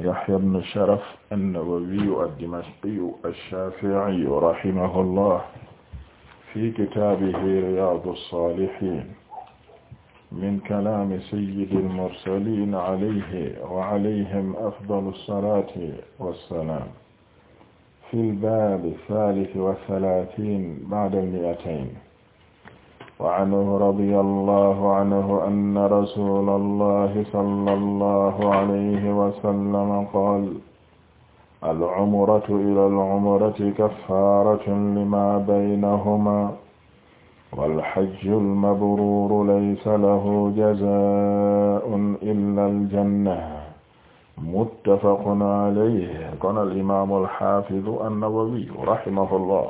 Yahya ibn Sharaf an-Nawawiyu ad-Dimashqiyu ash-Shafi'iyu rahimahullah fi kitaabihi Riyaadu s-Saalihiin min kalaami sayyidil mursaliin alayhi wa alayhim afdalu s-salaati wa s-salaam fil baabi ath-thaalith wa thalaatiin ba'da al-mi'atayn وعنه رضي الله عنه أن رسول الله صلى الله عليه وسلم قال العمرة إلى العمرة كفارة لما بينهما والحج المبرور ليس له جزاء إلا الجنة متفق عليه قال الإمام الحافظ النووي رحمه الله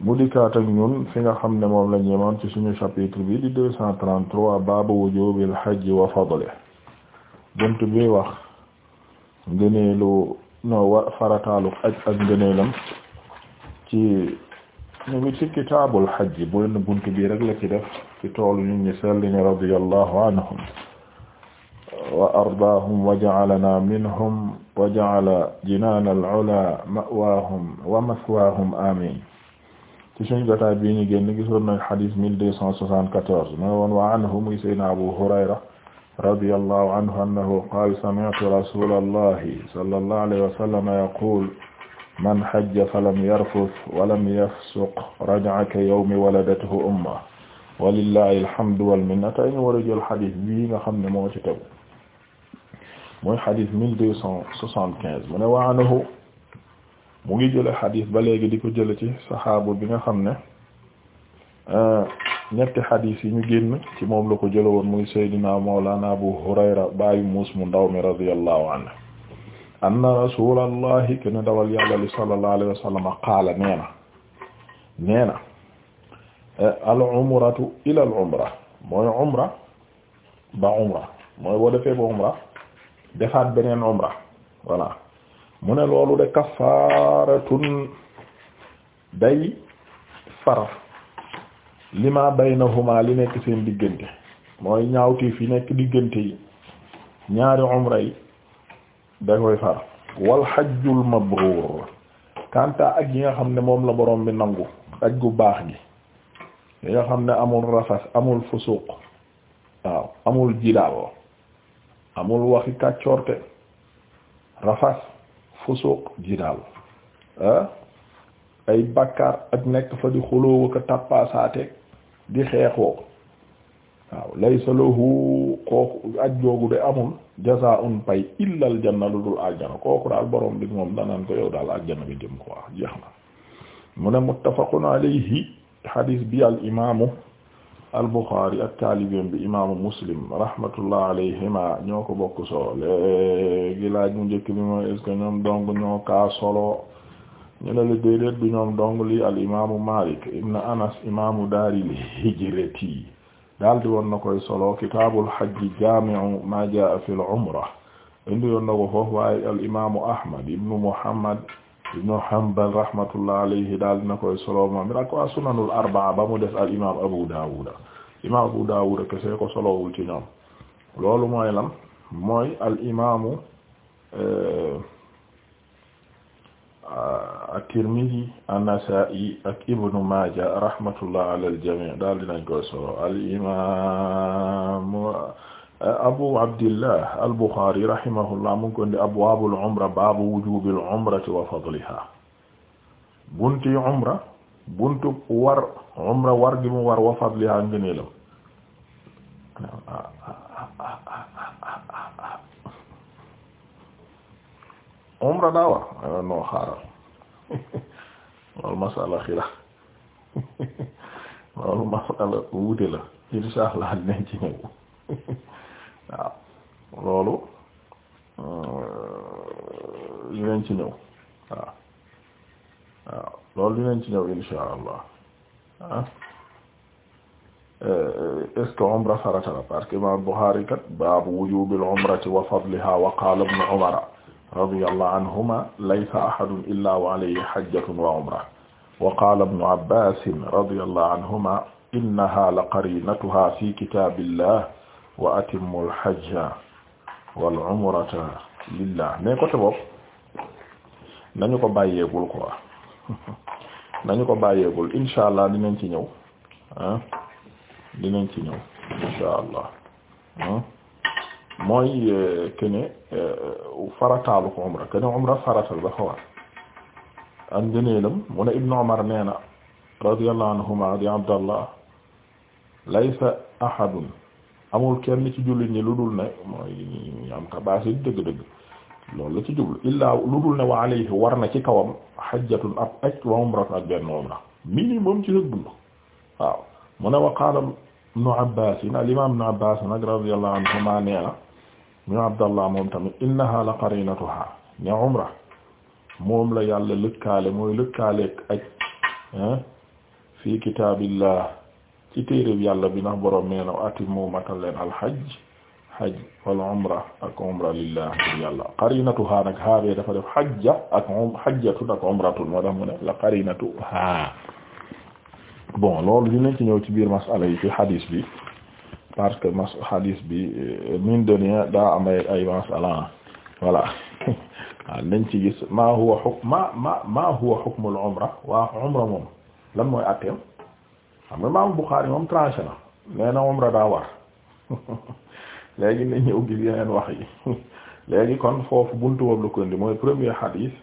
mu dikkaat ak ñun fi nga xam ne moom la ñu ci suñu chapitre bi di deux cent trente-trois baabu wujubil hajji wa fadlihi bunt bi wax ngëneelu no wa farataalu aj ak ngëneelam ci ñu ngi ci kitaabul hajji benn bunt bi rek ci def ci tool ñu ñi sell ñi radiyallahu anhum wa ardaahum wa ja'alanaa minhum wa ja'ala jinaanal ulaa ma'waahum wa mathwaahum amiin ci suñu jotaay bii ñu génn gisoon nañ xadis mille deux cent soixante-quatorze mu ne woon wa anhu muy sayyidina Abu Hurayra radiyallahu anhu annahu qaala sami'tu rasulallahi sallallahu alayhi wa sallam yaqul man hajja falam yarfus walam yafsuq raja'a ka yawmi waladathu umma walillahi alhamdu wal minna tey ñu war a jël xadis bii nga xam ne moo ci tegu mooy xadis mille deux cent soixante-quinze mu ne wa anhu mu ngi jële xadis ba léegi di ko jële ci saxaabu bi nga xam ne euh, ñetti xadis yi ñu génn ci moom la ko jële woon muy saydina mawlana abu hurayra baayu muus mu ndaw mi radiyallahu anhu anna rasulallahi kene dawal yàlla li sallallahu alayhi wa sallam na nee na eh, al umratu ila al umra mooy ba umra mooy boo ba umra defaat beneen umra voilà mu ne loolu de kafaaratun day far lima baynahuma li nekk seen diggante mooy ñaaw ñaawteef yi nekk diggante yi ñaari umra yi da koy far wal hajjul mabruur kanta ak yi nga xam ne moom la borom bi nangu aj gu baax gi yi nga xam ne amul rafas amul fusuq waaw amul jidaal amul waxi kàccoorte rafas fusuq jidaal ah, ay bakkaar ak nekk fa di xuloo ko tappaasaate di xeexoo waaw laysa lahu kooku aj googu de amul jazaa'un pay illa aljanna lu dul aljana kooku daal borom bi moom danaan ko yow daal aljana bi jëm ko wax jeex na mu ne muttafaqun alayhi hadis bi al imaamu al-Bukhari bi imaamu Muslim rahmatullah alayhima ñoo ko bokk solo léegi laaj mu njëkk bi mooy est-ce ñoom dong ñoo kaa solo ñu dong li al imaamu Malik ibn Anas imaamu daaril hijrati daal di woon na solo kitaabul hajji jaami'u maa jaa'a fil umra indi woon na ko foofu waaye al imaamu Ahmad ibn Muhammad ibnu Hanbal rahmatullah alayhi daal dina koy solo moom it ak waa sunanul arbaa ba mu des al imaam Abu Daawuda imaam Abu Daawuda kese ko solowul ci ñoom loolu mooy lan mooy al imaamu eh, at-Tirmidhi an-Nasaa'i ak ibnu Maaja rahmatullah ala al jamii daal dinañ koy solo al imaamu abu abdillah al-Bukhari rahimahullah mu ko indi abwaabul umra baabu wujuubil umrati wa fadliha bunti umra buntu war umra war gi mu war wa fadliha ngëneelam umra daa war noo xaaral loolu masala xila loolu masala wuute la insha Allah dinañ waaw loolu euh, dinañ ci ñëw waaw waaw loolu dinañ ci ñëw insha allah ah euh, est-ce que umra farata la parce que imam Bukhari kat baabu wujubil umrati wa fadliha wa qala ibn umara radiyallahu anhuma laysa ahadun illa wa alayhi hajjatun wa umra wa qala ibn abbas radiyallahu anhuma innaha la qarinatuha fi kitabillah wa atimmul hajja wal umrata lillah mais côté bopp nañu ko bàyyeegul quoi nañu ko bàyyeegul insha allah dinañ ci ñëw ah dinañ ci ñëw insha allah mooy kene euh, euh, farataalu ko umra kene umra faratal dafa war ak ngëneelam mu ne ibnu umar nee na anhuma di abdallah laysa ahadun amul kenn ci jullit ñi lu dul ne mooy am kabaasit dëgg-dëgg loolu la ci jublu illaa lu dul wa alayhi war na ci kawam hajjatun ab aj wa umratun ak benn umra minimum ci sëg dund waaw wa qaala ibnu Abbaas al imaam ibnu Abbaas nag radiyallahu anhumaa nee na ñu Abdallah moom tamit innahaa la qarinatuhaa ne umra moom la yàlla lëkkaale mooy lëkkaaleeg fi fii kitaabillah ci téeréb yàlla bi ndax borom nee na atimu matal leen al hajj wal umra ak umra lillahi yàlla qarinatuha nag haabee dafa def hajja ak um, hajjatun ak umratun moo tax mu ne la qarinatuha bon loolu dinañ ci ñëw ci biir masala yi ci hadis bi parce que hadis bi euh, mine de rien daa am ay masala voilà waaw ci gis ma huwa hukm ma ma ma lan mooy atteem xam nga Imaam Buxaari moom tranché na nee na umra daa war léegi na ñëw gis yeneen wax yi léegi kon foofu buntu boobu la ko indi mooy premier hadith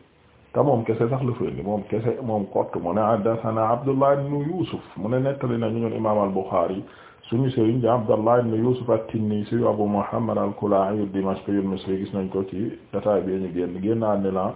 te moom kese sax lu fa indi moom kese moom kott mu ne haddathana Abdullah ibn Yusuf mu ne nettali nañu ñun Imaam al-Buxaari suñu sëriñ di Abdallah ibn Yusuf at-Tinnisi Abu Muhammad al-Kula'i ad-Dimashqi al-Misri gis nañ ko ci jotaay bi ñu génn génn ne laa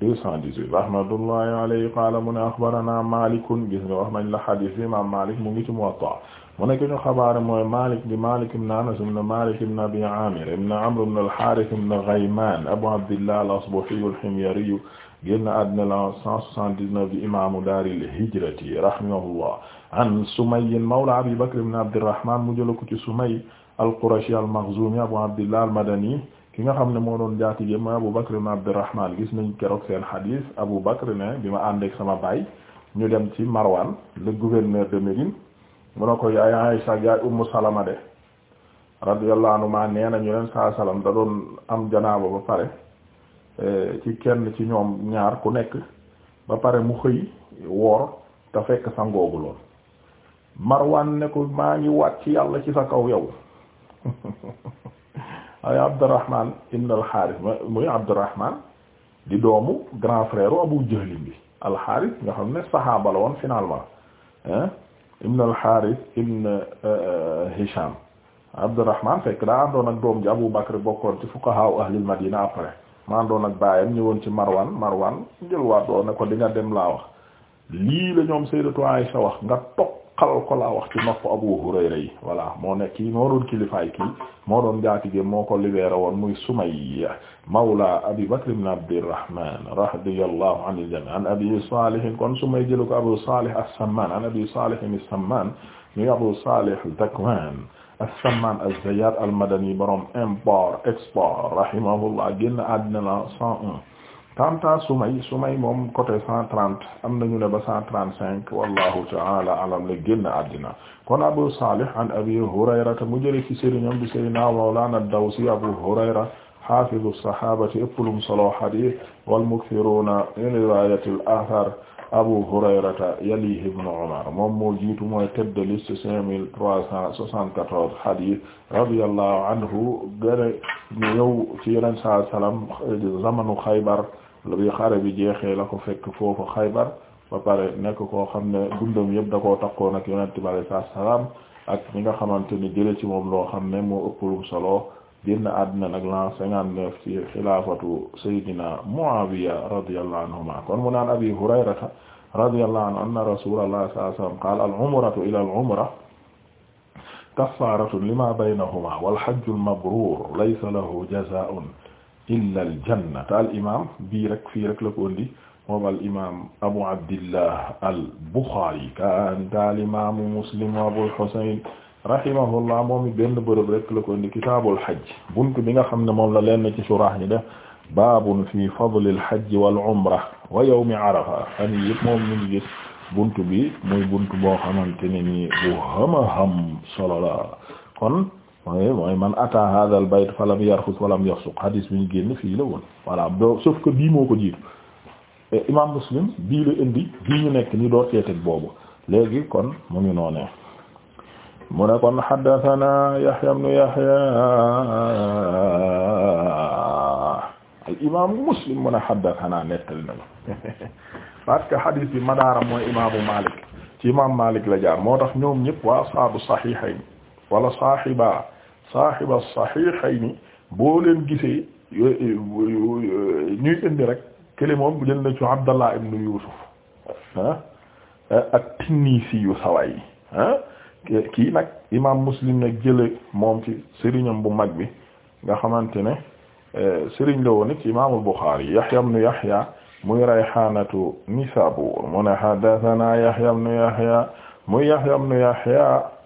218 rahmatullahi alayhi qaala mu ne axbarana malikun gis nga wax nañ la xadis bi imam malik mu ngi ci Muwatta mu ne ki ñu xabaare mooy malik bi malik ibn anas ibn malik ibn abi amir ibn amr ibn al-harith ibn ghayman abu abdillah al-asbahi al-himyari génn àddina la 179 di imamu daaril hijrati rahimahullah an sumayyin mawla abi bakr ibn abdirrahman mu jëla ko ci sumay al-qurashi al-makhzumi abu abdillah al-madani ki nga xam ne moo doon jaatige mooy Abu Bakr ibn Abdurrahman gis nañ keroog seen xadiis Abu Bakr ne bi ma àndeek sama baay ñu dem ci Marwan le gouverneur de Médine mu ne ko yaay Aïcha yaay Ummu Salama de radiyallahu nee na ñu leen saa salam da doon am janaaba ba pare eh, ci kenn ci ñoom ñaar ku nekk ba pare mu xëy woor te fekk sa ngoogu lool Marwan ne ko maa ngi waat ci yàlla ci sa kaw yow ay Abdurrahman ibn al-Harith muy Abdurrahman di doomu grand frère Abu Jahl bi al-Harith nga xam ne saxaaba la woon finalement ibn al-Harith ibn euh, euh, Hisham Abdurrahman fekk daa àndoon ak doom ji Abu Bakr bokkoon ci fuqaha ahlil Madina après ma àndoon ak baayam ñëwoon ci Marwan Marwan jël waat ne ko di dem laa wax lii la ñoom Sayyidatu Aisha wax nga topp xalal ko laa wax ci nopp Abu Hurayra yi voilà moo nekk kii moo doon kilifaay kii moo doon jaatige moo ko libéré woon muy Sumayya mawla Abi Bakr ibn Abdirrahman radiyallahu anil jami' an Abi Salih kon Sumayya jëlu ko Abu Salih as-Samman an Abi Salih as-Samman muy Abu Salih al-Dakwan as-Samman az-Zayyat al-Madani borom import export rahimahullah génn àddina la 101 tanta sumay sumay moom côté cent trente am nañu ne ba cent trente cinq wallahu taala alam la génn àddina kon Abu Salih an Abi Hurayrata mu jële ci sëriñam bi sayyidina mawlana ad-Dawsi Abu Hurayra hafizu sahabati ëppalum solo hadith wal mukthiruna min riwayati al-athar Abu Hurayrata yalihi ibnu Umar moom moo jiitu mooy tête de liste cinq mille trois cent soixante-quatorze hadith radiyallahu anhu gëre ñu ñëw ci yeneen saa salaam zamanu Xaybar bi xare bi jeexee la ko fekk foofu Xaybar ba nekk ko xam ne dundam yëpp da koo takkoon ak Yonent bi sallallahu alayhi ak ñi nga xamante ni jële ci moom loo xam ne moo ëppalum solo génn àddina nag l'an cinquante-neuf ci xilaafatu Seydina Muawiya radiyallahu anhuma kon mu Abi Hurayrata radiyallahu anhu anna rasulallah sallallahu alayhi wasallam qaala al-umratu ila al-umra kaffaratun lima baynahuma wal hajjul mabruur laysa lahu jazaa'un illa aljanna te al imaam bii rek fii rek la ko indi moom al imaam abu abdillah al buxaari kaanta al imaamu muslim wa abul husayn rahimahullah moom benn bërëb rek la ko indi kitaabul hajj buntu bi nga xam ne moom la leen ci suraax ñi def baabun fi fadlil hajj wal umra wa yawmi arafa fan yii yëpp moom ñu ngi gis buntu bi muy buntu boo xamante ne nii bu xam-xam solo la kon. mooy mooy man ata hadha al bayt falam yarfus walam yafsuq hadis bi ñu génn fii la woon voilà do sauf que bii moo ko jiitu imam muslim bii la indi bii ñu nekk ni door ceeteg boobu léegi kon mu ngi noonee mu ne kon haddathana yahya ibn yahya al imam muslim mu ne haddathana nettali nañu parce que hadis bi madaaram mooy imamu malik ci imam malik la jaar moo tax ñoom ñëpp waa saabu sahihayn wala sahiba saaxiba saxiixayni boo leen gisee ñuy indi rek kële jël na ci Abdallah ibn Yusuf ak ah, Tinnisi yu saway ah, kii nag imaam Muslim nag jële moom ci sëriñam bu mag bi nga xamante ne eh, sëriñ la woon ci imaamul Buxaari Yahya ibn Yahya muy rayhaanatu Nisaabuur mu ne haddasanaa Yahya ibn Yahya muy Yahya ibn Yahya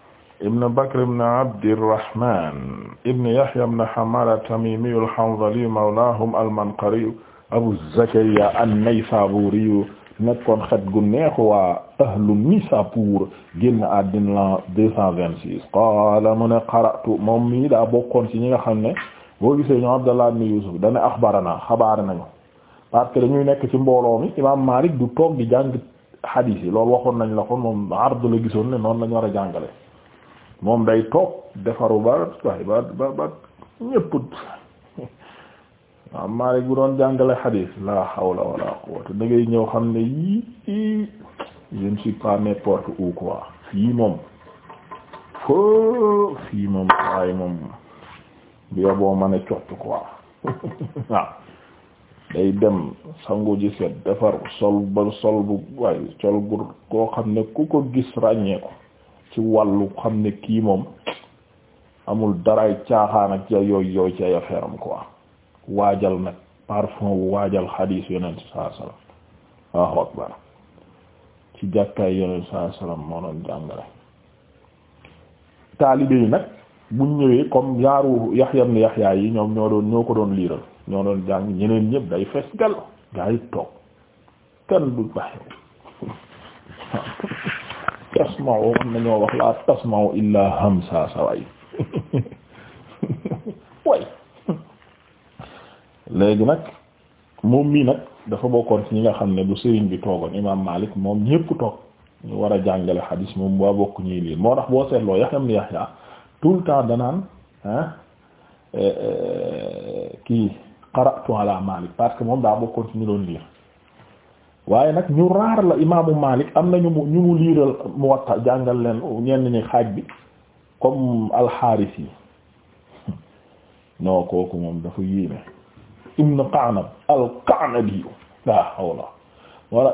ibn Bakr ibn Abdirrahman ibn Yahya ibn Hammad at-Tamimi al-Hanzali mawlahum al-Manqari Abu Zakariya an-Naysaburi nekkoon xet gu neex waa ahlu Nisapur génn àddina la 226 qaala mu ne qara'tu moom mii daa bokkoon ci ñi nga xam ne boo gisee ñu ñoo Abdallah ibn Yusuf dane axbarana xabaar nañu parce que dañuy nekk ci mbooloo i Imaam Maalik du toog di jàng xadiis yi loolu waxoon nañ la ko moom ard la gisoon ne noonu lañ war a jàngale moom day toog defaru ba ba ba ba ñépp waaw Maalik bu doon jàngale xadiis la hawla wala quwwata da ñëw xam ne yii je ne suis pas n'importe où quoi fii moom foo fii moom waaye moom bio boo mën a cott waaw day dem sangu ji set defar sol ba sol bu waaye sol bu koo xam ne ku ko gis ràññeeku ci wàllu xam ne kii moom amul daraay caaxaan ak yooyu yooyu ci ay affaire am quoi waajal nag parfum wu waajal xadiis yonent saa salaam waaw akbar ci jàkkaay yonent saa salaam moo doon jàngale yi buñ ñëwee yaaru Yaxya ibn yi ñoom ñoo doon ko doon liiral ñoo doon jàng ñeneen ñëpp day fees gal gaa toog kenn du baax tasma'u man nañoo wax la tasma'u illa hamsa saway way léegi nag moom mii nag dafa bokkoon ci ñi nga xam ne bu sëriñ bi toogoon imaam Maalik moom ñépp toog ñu war a jàngale xadiis moom waa bokk ñuy lii moo tax boo seetloo Yahya ibn Yahya tout le temps danaan ah kii qara'tu ala Maalik parce que moom daa bokkoon ci ñu doon lire waaye nag ñu raar la imaamu Malik am na ñu mu ñu mu liiral Muwatta jàngal leen ñenn ñi xaaj bi comme alxaaris yi non kooku moom dafa yéeme ibn Qanab al-Qanabi la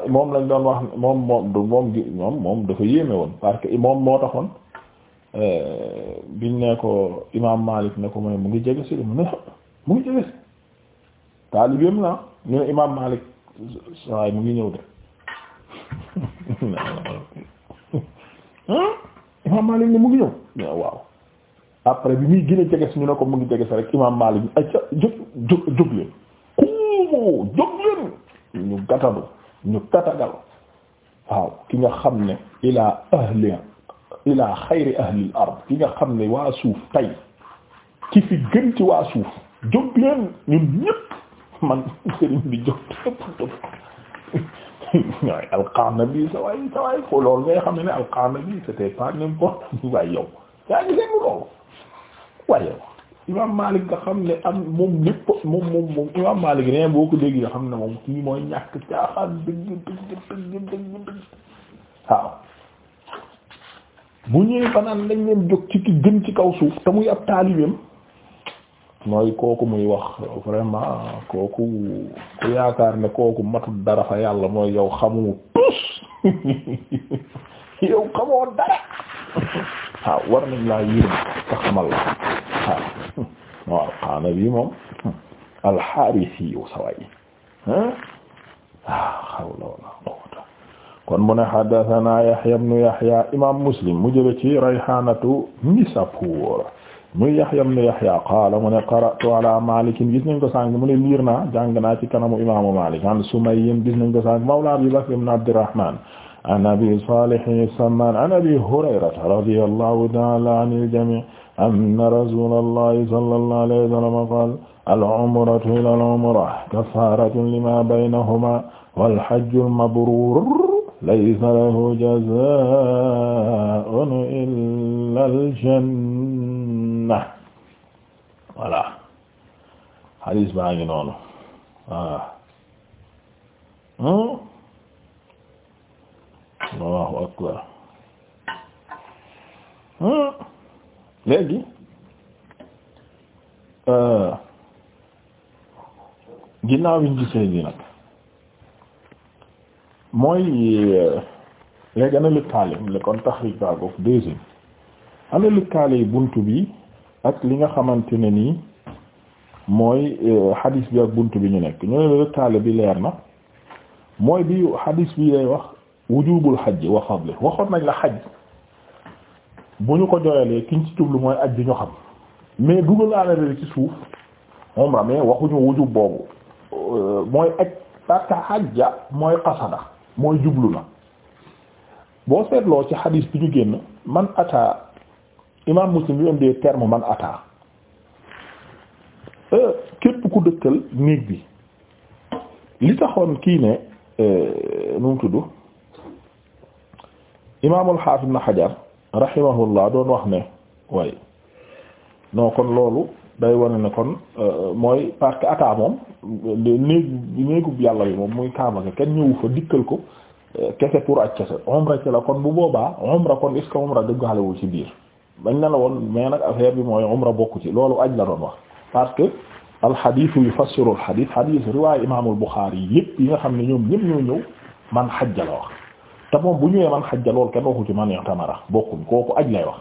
moom lañ doon wax moom moom moom moom moom dafa yéeme woon parce que moom moo taxoon euh, biñ ne ko imaam Malik ne ko mu ne mu ngi jege si mu ne mu ngi jege si taalibeem la ñu ne imaam Malik waaye mu ngi ñëw de imaam Maalik ne mu ngi ñëw waaw après bi muy gën a jeges ñu ne ko mu ngi jeges rek imaam Maalik ay ca jóg jóg leen kuumoo jóg leen ñu gatalu ñu tatagal waaw ki nga xam ne ilaa ahli ilaa xayri ahli ard ki nga xam ne waa suuf tey ki fi gën ci waa suuf jóg leen ñun ñépp man sëriñ bi jóg tëpp tëpp waaye Alqanabi sa waay sa waay fo ngay xam ne ne Alqanabi c'était pas n'importe waaye yow yaa ngi dégg loolu waaye Imam Malik nga xam ne am moom lépp moom moom moom Imam Malik nee boo ko déggee nga xam ne moom kii mooy ñàkk caaxaan dëgg dëgg dëgg dëgg dëgg waaw bu ñëwee fanaan lañ leen jóg ci ki gën ci kaw suuf te muy ab taalibeem mooy kooku muy wax vraiment kooku ku yaakaar ne kooku matul dara fa yàlla mooy yow xamu tus yow xamoo dara waaw war nañ laa yërëm te xamal la waaw waaw xaana bi moom alxaarisi yow saway ah hawla wala quwwata kon mu ne haddathana Yahya ibn Yahya imam Muslim mu jële ci Rayhanatu Nisapur muy Yahya ibn Yahya qaala mu ne qara'tu ala Maalik gis nañ ko sànq mu ne liir naa jàng naa ci kanamu imaamu Maalik an Sumayy gis nañ ko sànq mawla Abi Bakr ibn Abdirrahmaan an Abi Saalih as-Sammaan an Abi Hurayrata radiyallahu ta'ala anil jamii' anna rasuulallahi sallallahu alayhi wa sallam qaala al-umratu ila al-umrati kafaaratun limaa baynahumaa wal hajjul mabruur laysa lahu jazaa'un illa al-jannah na voilà hadis baa ngi noonu waaw hmm? Allahu akbar hmm? léegi euh, ginnaaw yiñ gisee bi nag mooy euh, léegi ana lëkkaale kon taxriij baa goog deuxième ana lëkkaale buntu bi ak li nga xamante ne nii mooy hadis euh, bi ak bunt bi ñu nekk ñu ne lëkkaale bi leer na mooy bi hadis bi lay wax wujubul xaj wa fadli waxoon nañ la xaj bu ñu ko joyalee kiñ ci jublu mooy aj bi ñu xam mais dugalaale la ci suuf umra mais waxuñu wujub boobu euh, mooy aj parce que xajja mooy qasada mooy jublu na boo seetloo ci hadis bi ñu génn man ata imam muslim yu de terme man ataa euh, képp ku dëkkal néeg bi li taxoon kii ne euh, nu mu tudd imaamul xaafid na xajar rahimahullah doon wax ne waaye non kon loolu day wane ne kon euh, mooy parce que ataa moom néeg néegub yàlla bi moom muy kaaba ga kenn ñëwu fa dikkal ko kese pour ak kese umra ci la kon bu boobaa umra kon est-ce que umra dëggalewul ci biir bañ ne mais nag affaire bi mooy umra bokku ci loolu aj la doon wax parce que alxadiisu yufassiru alxadiis xadiis riwaay imaamul Buxaari yi yëpp yi nga xam ne ñoom ñëpp ñoo ñëw man xajja la wax te moom bu ñëwee man xajja loolu kenn waxu ci man i'tamara bokkuñ kooku aj lay wax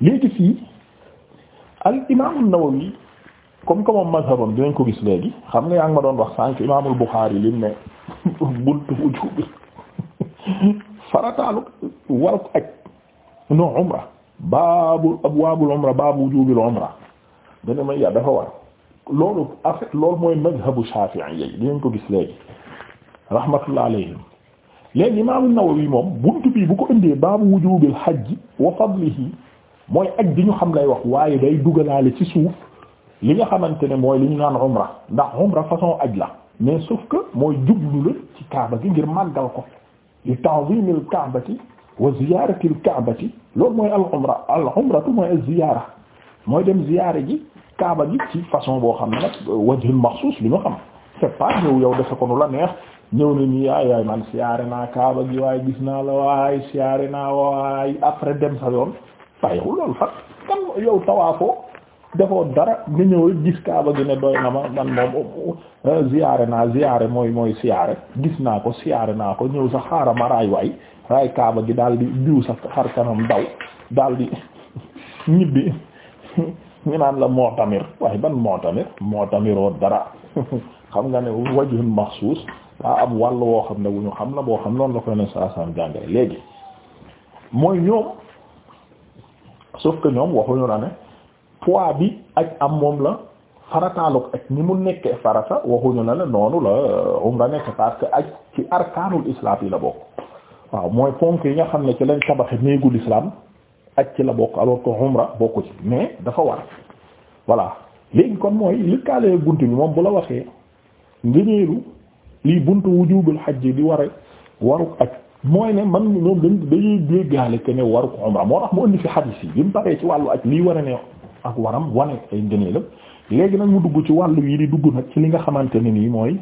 léegi fii al imaamul Nawawi comme que moom mazhabam dinañ ko gis léegi xam nga yaa ngi ma doon wax sànq imaamul Buxaari lim ne buntu wujubi farataalu war ak aj non umra baabu abwaabul umra baabu wujuubil umra gën ma ya dafa war loolu en fait loolu mooy mazhabu Shafi'i yi dinañ ko gis léegi rahmatullah alayhim léegi Imaam An-Nawawi moom buntu bii bu ko indee baabu wujuubil hajji wa fadlihi mooy aj bi ñu xam lay wax waaye day dugalaale ci suuf li nga xamante ne mooy li ñu naan umra ndax umra façon aj la mais sauf que mooy jublu la ci kaaba gi ngir màggal ko li ta'zimil kaabati wa ziyaarati al-ka'bati loolu mooy al-umra al-umratu mooy az-ziyaara mooy dem ziyaara ji kaaba gi ci façon boo xam ne nag wajhul maxsuus li ma xam c'est pas ñëw yow de ko nu la neex ñëw ne nii yaay yaay man siyaare naa kaaba gi waaye gis naa la waaye siyaare naa waaye après dem sa yoon ba yow loolu fan kan yow defoo dara nga ñëw gis kaaba gi ne doy na ma man moom euh, ziyaare naa ziyaare mooy mooy siyaare gis naa ko siyaare naa ko ñëw sa xaaral ma raay waay raay kaaba gi daal di diw sa xar kanam daw daal di ñibbi ñu naan la mootamir waaye ban mootamir mootamiroo dara xam nga ne wajhun maxsuus waa ab wàll woo xam ne wu ñu xam la boo xam noonu la koy ne saa saa jàngale léegi mooy ñoom sauf que ñoom waxuñu la ne. poids bi ak am moom la farataaluk ak ni mu nekkee farata waxuñu la noonu la umra nekk parce que ak ci arkaanul islam yi la bokk waaw mooy ponk yi nga xam ne ci lañ tabaxe néegu l'islam ak ci la bokk alors que umra bokku ci mais dafa war voilà léegi kon mooy li kaalee bunt bi moom bu la waxee ngëneelu lii buntu wujubul xaj di ware waru ak mooy ne man ñoom dañuy déggaale que ne waru umra moo tax mu indi fi xadiis yi bi mu paree ci wàllu ak lii ware ne ak waram wane ay ngëneelam léegi nag mu dugg ci wàll yi di dugg nag ci li nga xamante ne nii mooy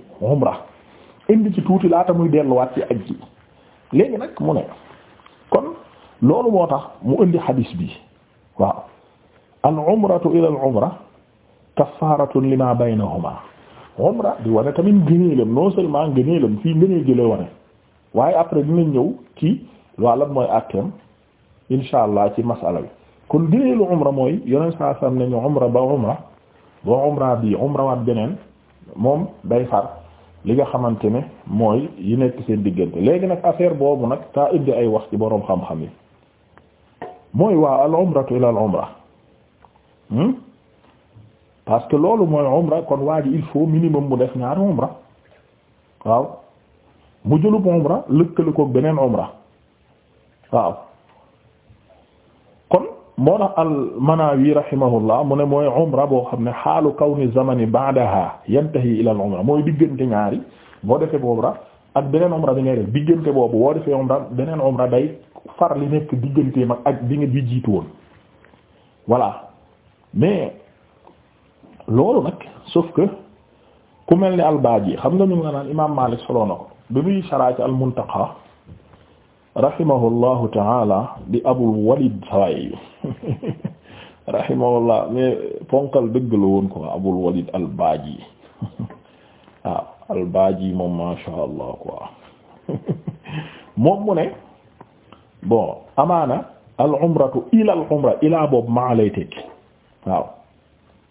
indi ci tuuti laata muy delluwaat ci aj gi léegi nag mu ne kon loolu moo tax mu indi xadiis bi waaw al umratu ila al umra kaffaratun lima baynahuma umra di wane tamit ngëneelam non seulement ngëneelam fii ngëneel gi lay wane waaye après dinañ ñëw ci wàllam mooy àtteem insha allah ci masala bi kon gëneelu umra mooy yeneen saa sam nañu umra ba umra boo umra bi umra waat beneen moom day far li nga xamante ne mooy yi nekk seen diggante léegi nag affaire boobu nag taa indi ay wax ci boroom xam-xam yi mooy waa al umratu ila al umra hmm? parce que loolu mooy umra kon waa ji il faut minimum mu def ñaari umra waaw mu jëlub umra lëkkale ko beneen umra waaw moo tax al-Manawi rahimahullah mu ne mooy umra boo xam ne xaalu kawni zamani ba'daha yantahi ila al mooy diggante ñaari boo defee boobu ra ak beneen umra bi ngay def diggante boobu woo defee umra beneen umra day far li nekk diggante mag ak bi nga bi jiitu woon voilà mais loolu nag sauf que ku mel ni al yi xam nga ñu nga naan imaam Maalik solo na ko bi muy saraaci al-Muntaqa rahimahullahu taala di abul walid sawaay rahimahullah mais ponkal dëgg la woon quoi abul walid albaaji waaw ah, albaaji moom masha allah quoi moom mu ne bon amaana al umratu ila al umra ilaa boobu maa lay tekki waaw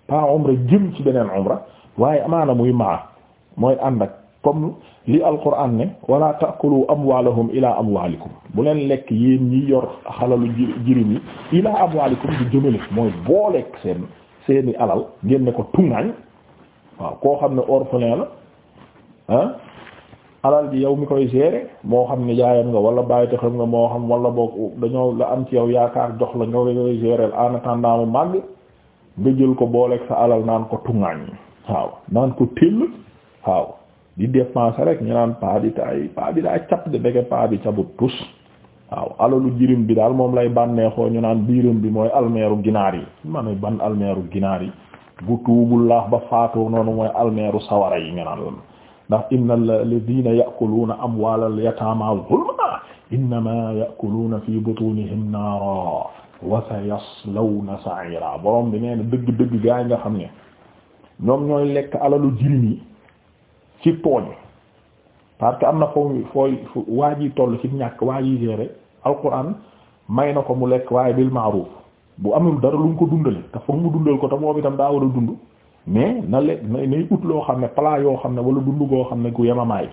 pas umra jëm ci beneen umra waaye amaana muy maa mooy ànd comme li alquran ne wala taakulu amwalahum ila amwalikum bu leen lekk yéen ñi yor xalalu jirim yi ila amwalikum di jëmale mooy booleek seen seeni alal ngeen ne ko tuŋaañ waaw koo xam ne orphelin la alal ji yow mi koy gérer moo xam ne jaayam nga wala bàyyi xam nga moo xam wala boog dañoo la am ci yow yaakaar jox la nga koy gérer en attendant mu màgg nga jël ko booleek sa alal naan ko tuŋaañ waaw naan ko till waaw di dépenser rek ñu naan paa bi tay paa bi daa cap de ndeke paa bi cabut tus waaw alalu jirim bi daal moom lay bànneexoo ñu naan biiram bi mooy almeeru ginaar yi ma ne ban almeeru ginaar yi bu tuubul laax ba faatoo noonu mooy almeeru sawara yi nga naan lan ndax inna alladhina ya'kuluna amwalal yatama zulma innama ya'kuluna fi butunihim naara wa sayaslawna sa'ira borom bi nee dëgg-dëgg gaa nga xam ne ñoom ñooy lekk alalu jirim yi ci tooñ parce am na foofu fooy waa ji toll ci ñàkk waa ji gérer alquran may na ko mu lekk waaye bil ma'ruf bu amul dara lu mu ko dundale te foog mu dundal ko te moom itam daa war a dund mais na le nay ut loo xam ne plat yoo xam ne walla dund goo xam ne gu yemamaay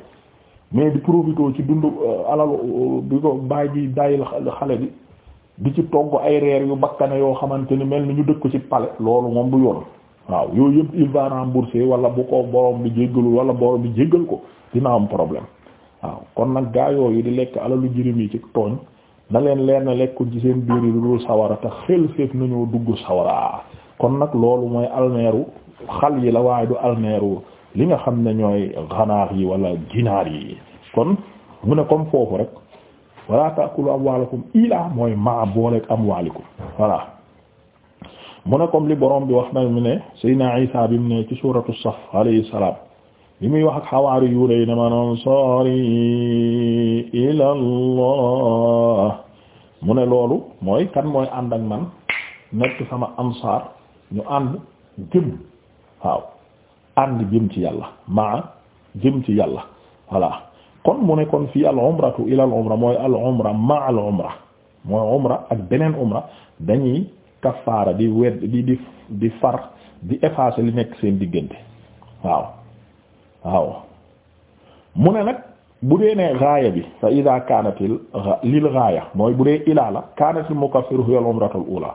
mais di profité ci dund euh, alal euh, bi ko bàyyi ji dayil xale bi di ci togg ay reer yu bakkane yoo xamante ni mel ni ñu dëkk ci pale loolu moom du yoon waaw yooyu yëpp il va rembourser wala bu ko borom bi jéggalul wala borom bi jéggal ko dina am problème waaw kon nag gaa yooyu di lekk alalu jirim yi ci tooñ na leen leen lekkul ci seen biir lu sawara te xel seet nañoo dugg sawara kon nag loolu mooy almeeru xal yi la waaye du almeeru li nga xam ne ñooy ganaar yi wala ginaar yi kon mu ne comme foofu rek wala taakulu amwaalakum ila mooy maa booleeg amwaalikum voilà mu ne comme li borom bi wax na mu ne Seydina Isa bi mu ne ci suuratu Saf alayhi salaam li muy wax ak xawaari yu ne man ansaari ila Allah mu ne loolu mooy kan mooy ànd ak man nekk sama ansaar ñu ànd jëm waaw ànd jëm ci yàlla maa jëm ci yàlla voilà kon mu ne kon fii al umratu ila al umra mooy al umra ma al umra mooy umra ak beneen umra dañuy kaffaara di wedd di di di far di effacer li nekk seen diggante waaw waaw mu ne nag bu dee ne gaaya bi fa ida kaanatil lil gaaya mooy bu dee ilaa la kaanatil mukaffiru yal umratul ula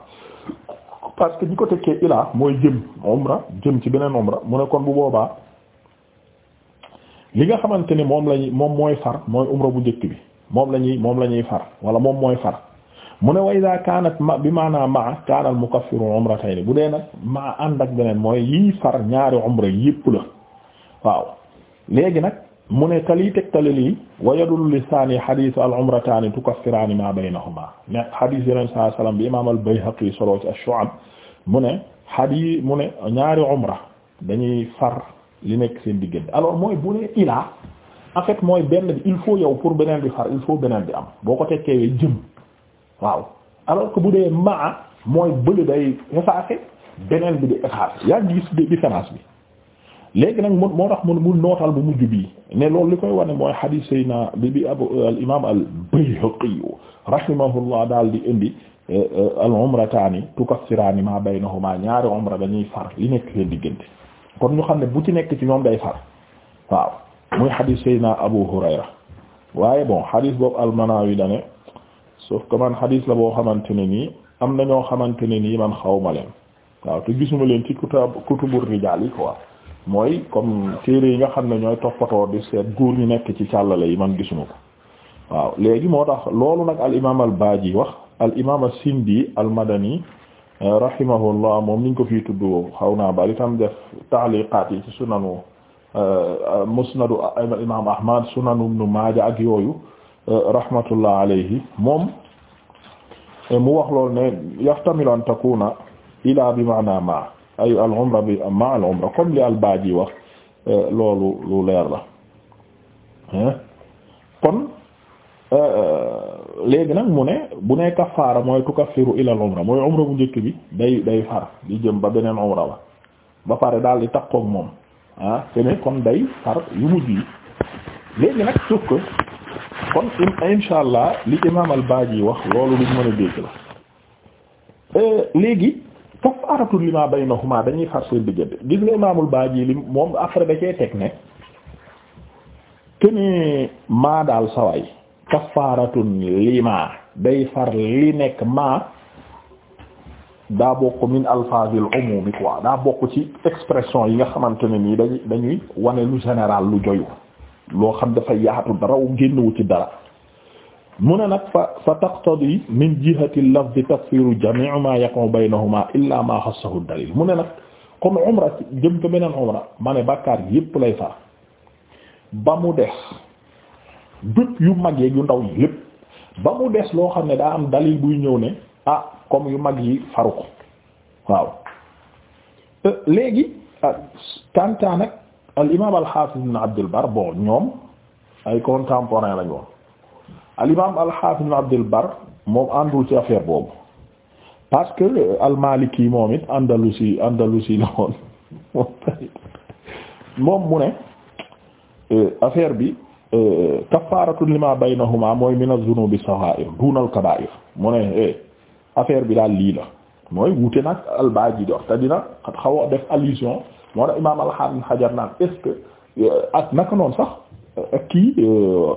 parce que ñi ko tekkee ilaa mooy jëm umra jëm ci beneen umra mu ne kon bu boobaa li nga xamante ni moom lañuy moom mooy far mooy umra bu njëkk bi moom lañuy moom lañuy far wala moom mooy far mu ne wa iza kaanat ma bi maanaa maa kaana al mukaffiru umratayni bu dee nag maa ànd ak beneen mooy yii far ñaari umra yépp la waaw léegi nag mu ne te liy tegtale lii li saani hadith al umrataani tukaffiraani maa baynahuma mais hadith yeneen saa salaam bi imaam al bayhaqi solo ci ash-shu'ab mu ne hadith mu ne ñaari umra dañuy far li nekk seen diggante alors mooy bu ilaa en mooy benn bi il faut yow pour beneen bi far il faut beneen bi am boo ko tekkee jëm. waaw alors que bu dee maa mooy bële day effacé beneen bi di effacé yaa ngi gis bi léegi nag moo tax mu mu nootal bu mujj bii ne loolu li koy wane mooy hadith sayna bi bi abu al imaam al bayhaqi daal di indi eh, eh, al umrataani tukaffiraani maa baynahuma ñaari umra dañuy far li nekk seen diggante kon ñu xam ne bu ci nekk ci ñoom day far waaw muy hadith sayna abu hurayra waaye bon hadith boobu al manawi dane so que man xadiis la boo xamante ne nii am na ñoo xamante ne nii man xaw ma leen waaw te gisuma leen ci kutubu kutubu rijaal yi quoi mooy comme téere yi nga xam ne ñooy toppatoo di seet góor ñu nekk ci càllale yi man gisuma ko waaw léegi moo tax loolu nag al imaam al baaji wax al imaam al sindi al madani eh, rahimahullah moom niñ ko fi tudd xaw naa bari tam def taaliqaat yi ci sunanu eh, musnadu eh, imaam ahmad sunanu ibnu maaja ak yooyu rahmatullah alayhi moom mu wax lool ne yahtamilu an takuna ila bi maana ma ay al umra bi ma al umra comme li al baaji wax loolu lu leer la kon euh, léegi nag mu ne bu ne kafaara mooy tukaffiru ila al umra mooy umra bu njëkk bi day day far di jëm ba beneen umra ba ba pare daal di takkook moom ah te ne kon day far yu mujj yi léegi nag suuf ko kon insha allah li imam al yi wax loolu luñ mën a dégg la euh, léegi kaffaaratu lima baynahuma dañuy far seen diggante gis nga imaamul Baaji li moom après da cee teg ne kene maa daal saway kafaaratun lima day far li nekk maa daa bokk min alfaazil umumi quoi daa bokk ci expression yi nga xamante ne nii dañuy dañuy wane lu général lu joyu loo xam dafa yaatu dara wu génnewu ci dara mu ne nag fa fa taqtadi min jihati lafdi takfiru jami'u ma yakunu baynahuma illa ma xassahu dalil mu ne nag comme umra jëm ko beneen umra ma ne bàkkaar yépp lay far ba mu des dut yu mag yeeg yu ndaw yi ba mu des loo xam ne daa am dalil buy ñëw ne ah comme yu mag yi faru ko waaw euh, léegi kantaa ah, al imaam al xaafiz ibn Abdul Bar bon ñoom ay contemporain lañu al imaam al xaafiz ibn Abdul Bar moom àndul ci affaire boobu parce que al Maliki moom it Andalusi Andalusi la woon moom mu ne euh, affaire bi euh, kafaaratu lima baynahuma mooy min az-zunubi sagha'ir duna al mu ne eh, affaire bi daal lii la mooy wuute nag al-Baaji dox te dina xaw def allusion moo tax imaam alxaam xajar naan est euh, naka noonu sax euh, kii euh,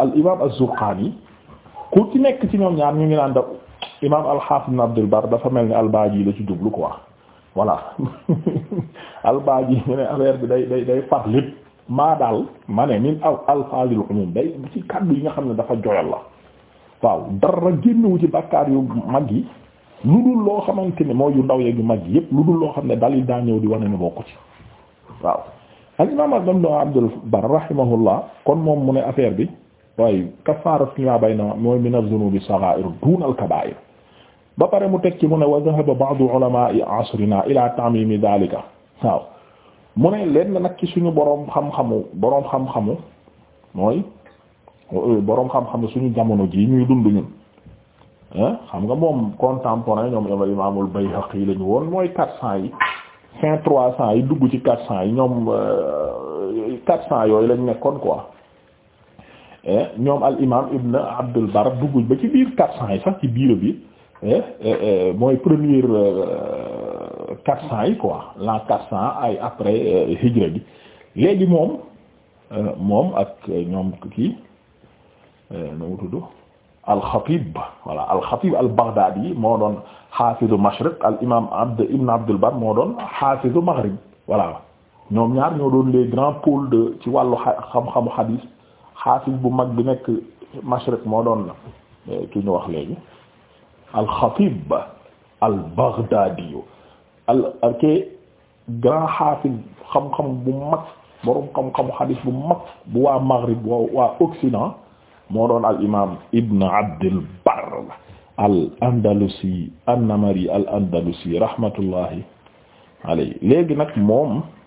al imaam az-Zurqaani ku nekk ci ñoom ñaar ñu ngi naan da imaam al-Haafiz ibn Abdul Barr dafa mel ni al-Baaji la ci jublu ko voilà al-Baaji ñu ne affaire bi day day day far lépp maa daal ma ne min aw alfaazul umuum day ci kaddu yi nga xam ne dafa joyal la waaw dara génnewu ci bàkkaar yu mag yi lu dul loo xamante ne mooy yu ndaw yeeg yu mag yépp lu dul loo xam ne dalil daa ñëw di wane ne bokku ci waaw al imam abdam abdul bar rahimahullah kon moom mu ne affaire bi waaye kafarat ma bayna mooy min az-zunubi sagha'ir dun al-kaba'ir ba pare mu teg ci mu ne wa dhahaba ba'du ulama'i asrina ila ta'mimi dhalika waaw mu ne leen nag ci suñu boroom xam-xamu boroom xam-xamu mooy boroom xam-xamu suñu jamono ji ñuy dund ñun Eh? xam nga moom contemporain ñoom ñoom imaamul Bayhaqi yi la ñu woon mooy quatre cent yi fin trois cent yi dugg ci quatre cent yi ñoom euh, quatre cent yooyu lañ nekkoon quoi eh? ñoom al imaam Abdul Bar dugg ba ci biir quatre cent yi sax ci biir bi eh? mooy première euh, quatre cent yi quoi l'an quatre cent ay après euh, hijra bi léegi moom moom ak ñoom kii nu mu tudd. alxatib voilà alxatib al-Baghdadi moo doon xaafizu mashriq al imaam abd ibn Abdul Bar moo doon xaafizu maghrib voilà ñoom ñaar ñoo doon les grands pôles de ci wàllu xam-xamu xadiis xaafis bu mag bi nekk mashriq moo doon eh, ki ñu wax léegi alxatib al-Baghdadi al kii grand xaafis xam-xam bu mag boroom xam-xamu xadiis bu mag bu waa maghrib waa waa occident. moo doon al imaam Ibn Abdul Barr al andalusi an-Namari al andalusi rahmatullahi alayhi léegi nag moom.